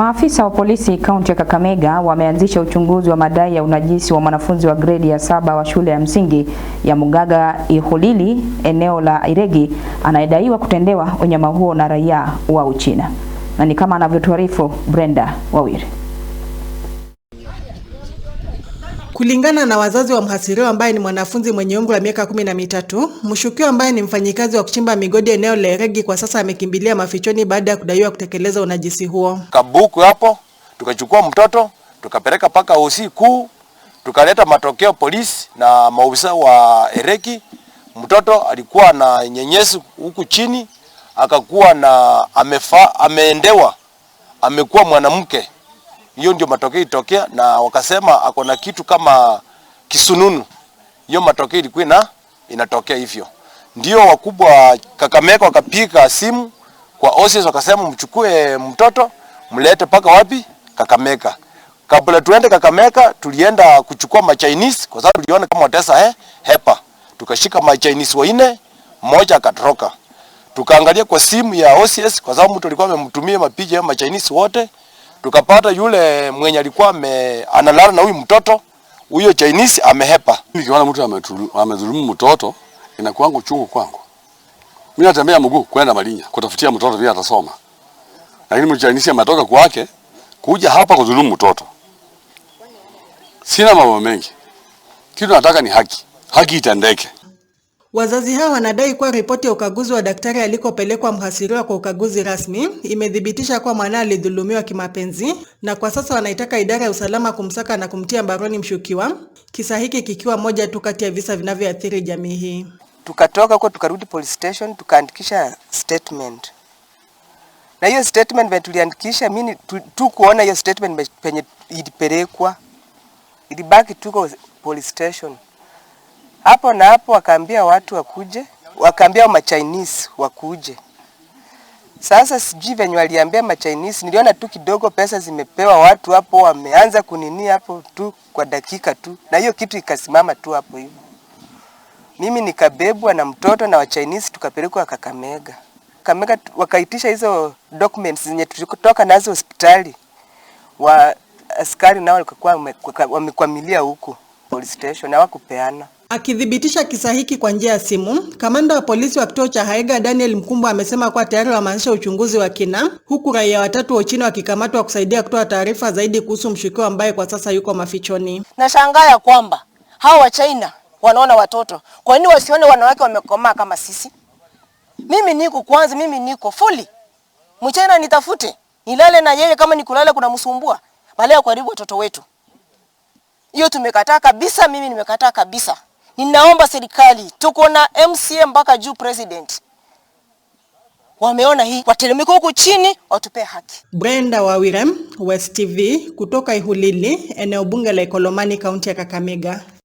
Maafisa wa polisi kaunti ya Kakamega wameanzisha uchunguzi wa madai ya unajisi wa mwanafunzi wa gredi ya saba wa shule ya msingi ya Mugaga Iholili eneo la Iregi anayedaiwa kutendewa unyama huo na raia wa Uchina, na ni kama anavyotuarifu Brenda wawiri Kulingana na wazazi wa mhasiriwa ambaye ni mwanafunzi mwenye umri wa miaka kumi na mitatu, mshukiwa ambaye ni mfanyikazi wa kuchimba migodi eneo la Eregi kwa sasa amekimbilia mafichoni baada ya kudaiwa kutekeleza unajisi huo. Kabuku hapo tukachukua mtoto tukapeleka mpaka hosi kuu, tukaleta matokeo polisi na maofisa wa Eregi. Mtoto alikuwa na nyenyesi huku chini, akakuwa na amefa, ameendewa, amekuwa mwanamke hiyo ndio matokeo itokea, na wakasema ako na kitu kama kisununu. Hiyo matokeo ilikuwa na inatokea hivyo, ndio wakubwa Kakamega wakapiga simu kwa OCS wakasema, mchukue mtoto mlete paka wapi Kakamega. Kabla tuende Kakamega, tulienda kuchukua ma Chinese kwa sababu tuliona kama watesa he, eh, hepa. Tukashika ma Chinese waine, mmoja akatoroka. Tukaangalia kwa simu ya OCS kwa sababu mtu alikuwa amemtumia mapicha ya ma Chinese wote tukapata yule mwenye alikuwa analala na huyu mtoto huyo Chinese amehepa. Nikiona mtu amedhulumu mtoto inakuangu chungu kwangu. Mimi natembea mguu kwenda Malinya kutafutia mtoto vile atasoma. Lakini Chinese ametoka kwake kuja hapa kudhulumu mtoto. Sina mambo mengi. Kitu nataka ni haki. Haki itendeke. Wazazi hao wanadai kuwa ripoti ya ukaguzi wa daktari alikopelekwa mhasiriwa kwa ukaguzi rasmi imethibitisha kuwa mwana alidhulumiwa kimapenzi na kwa sasa wanaitaka idara ya usalama kumsaka na kumtia mbaroni mshukiwa, kisa hiki kikiwa moja tu kati ya visa vinavyoathiri jamii hii. Tukatoka huko tukarudi police station tukaandikisha statement, na hiyo statement venye tuliandikisha, mimi tu kuona hiyo statement penye ilipelekwa ilibaki tuko police station hapo na hapo, wakaambia watu wakuje, wakaambia ma Chinese wakuje. Sasa sijui venye waliambia ma Chinese, niliona tu kidogo pesa zimepewa watu hapo, wameanza kunini hapo tu kwa dakika tu, na hiyo kitu ikasimama tu hapo hivyo. Mimi nikabebwa na mtoto na wa Chinese tukapelekwa Kakamega. Kakamega wakaitisha hizo documents zenye tulikotoka nazo hospitali, wa askari nao walikuwa wamekwamilia huko police station, hawakupeana. Akithibitisha kisa hiki kwa njia ya simu, kamanda wa polisi wa kituo cha Haiga Daniel Mkumbo amesema kuwa tayari wameanzisha uchunguzi wa kina, huku raia watatu wa Uchina wakikamatwa kusaidia kutoa taarifa zaidi kuhusu mshukiwa ambaye kwa sasa yuko mafichoni. Nashangaa ya kwamba hao wa China wanaona watoto, kwa nini wasione wanawake wamekomaa kama sisi? Mimi niko kwanza, mimi niko fuli mchana, nitafute nilale na yeye kama nikulala kuna msumbua, balea ya kuharibu watoto wetu, hiyo tumekataa kabisa. Mimi nimekataa kabisa. Ninaomba serikali, tuko na MCA mpaka juu president wameona hii, wateremko huku chini, watupee haki. Brenda wawirem West TV, kutoka Ihulili, eneo bunge la Ikolomani, kaunti ya Kakamega.